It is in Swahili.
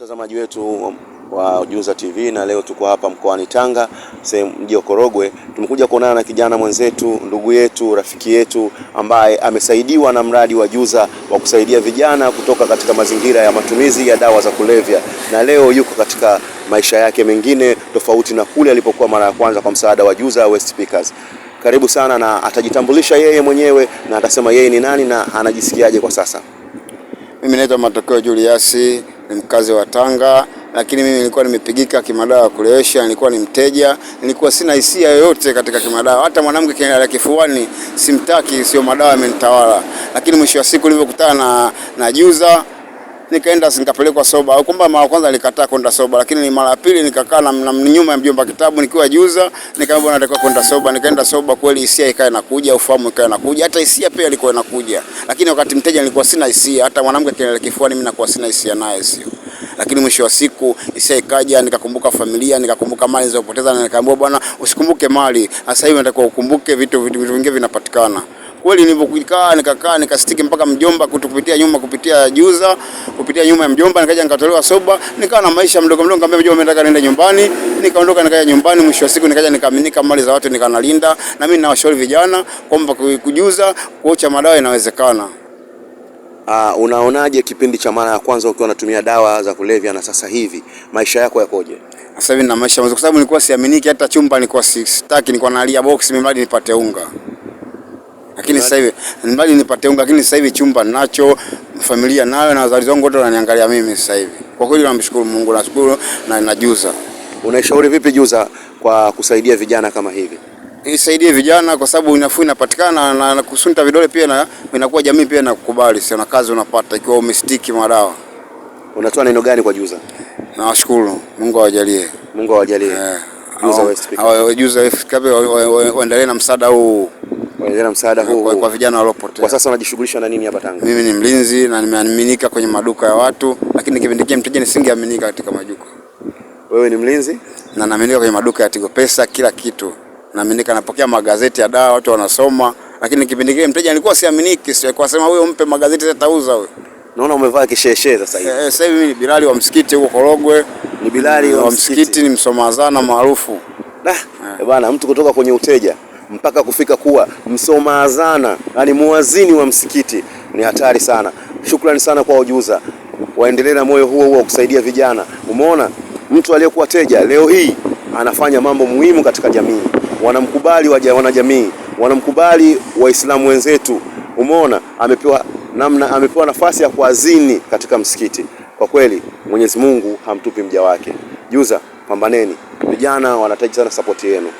Mtazamaji wetu wa Juza TV, na leo tuko hapa mkoani Tanga, sehemu mji wa Korogwe. Tumekuja kuonana na kijana mwenzetu, ndugu yetu, rafiki yetu ambaye amesaidiwa na mradi wa Juza wa kusaidia vijana kutoka katika mazingira ya matumizi ya dawa za kulevya, na leo yuko katika maisha yake mengine tofauti na kule alipokuwa mara ya kwanza kwa msaada wa Juza West Speakers. Karibu sana, na atajitambulisha yeye mwenyewe na atasema yeye ni nani na anajisikiaje kwa sasa. Mimi naitwa Matokeo Juliasi ni mkazi wa Tanga, lakini mimi nilikuwa nimepigika kimadawa ya kulewesha, nilikuwa ni mteja, nilikuwa sina hisia yoyote katika kimadawa. Hata mwanamke kinalala kifuani simtaki, sio madawa yamenitawala. Lakini mwisho wa siku nilipokutana na, na Juza nikaenda nikapelekwa soba. Au kwamba mara kwanza alikataa kwenda soba, lakini ni mara pili nikakaa na, na nyuma ya mjomba kitabu nikiwa juza, nikaambia bwana, nataka kwenda soba, nikaenda soba kweli, hisia ikawa inakuja, ufahamu ikawa inakuja, hata hisia pia ilikuwa inakuja, lakini wakati mteja nilikuwa sina hisia, hata mwanamke kinele kifuani mimi nakuwa sina hisia naye, sio lakini mwisho wa siku hisia ikaja, nikakumbuka familia, nikakumbuka mali zilizopoteza, na nikaambiwa bwana, usikumbuke mali sasa hivi, natakiwa ukumbuke vitu vitu vingine vinapatikana. Kweli nilivyokaa nikakaa nikastiki mpaka mjomba kutupitia nyuma kupitia juza kupitia nyuma ya mjomba nikaja nikatolewa soba nikawa na maisha mdogo mdogo, nikamwambia mjomba, nataka niende nyumbani, nikaondoka nikaja nyumbani. Mwisho wa siku nikaja nikaaminika mali za watu nikanalinda, na mimi nawashauri vijana kwamba kujuza kuocha madawa inawezekana. Uh, unaonaje kipindi cha mara ya kwanza ukiwa unatumia dawa za kulevya na sasa hivi maisha yako yakoje? Sasa hivi na maisha mazuri, kwa sababu nilikuwa siaminiki, hata chumba nilikuwa sitaki, nilikuwa nalia box mradi nipate unga lakini sasa hivi mbali nipate unga, lakini sasa hivi chumba nacho, familia nayo, na wazazi wangu wote wananiangalia mimi sasa hivi. Kwa kweli namshukuru Mungu, nashukuru na najuza. Unaishauri vipi Juza kwa kusaidia vijana kama hivi? Isaidie vijana kwa sababu nafuu inapatikana na, na kusunta vidole pia na inakuwa jamii pia inakukubali sana, kazi unapata ikiwa umestiki madawa. Unatoa neno gani kwa Juza? Nawashukuru, Mungu awajalie. Mungu awajalie. Eh, juza West Pick. Waendelee na msaada huu na msaada huu kwa, kwa vijana waliopotea. Kwa sasa unajishughulisha na nini hapa Tanga? Mimi ni mlinzi na nimeaminika kwenye maduka ya watu, lakini nikipindikia mteja nisingeaminika katika majuko. Wewe ni mlinzi na naaminika kwenye maduka ya Tigo Pesa, kila kitu naaminika, napokea magazeti ya dawa watu wanasoma, lakini nikipindikia mteja alikuwa siaminiki, sio kwa sema huyo mpe magazeti atauza huyo. Naona umevaa kisheshe sasa hivi. Eh, eh, sasa hivi mimi ni Bilali wa msikiti huko Korogwe. Ni Bilali wa msikiti, ni msomazana maarufu. Nah, eh. bwana mtu kutoka kwenye uteja mpaka kufika kuwa msoma azana, yani muazini wa msikiti. Ni hatari sana. Shukrani sana kwa ujuza, waendelee na moyo huo huo kusaidia vijana. Umeona mtu aliyekuwa teja leo hii anafanya mambo muhimu katika jamii, wanamkubali waja, wanajamii wanamkubali Waislamu wenzetu. Umeona amepewa namna, amepewa nafasi ya kuazini katika msikiti. Kwa kweli Mwenyezi Mungu hamtupi mja wake. Juza, pambaneni vijana, wanahitaji sana sapoti yenu.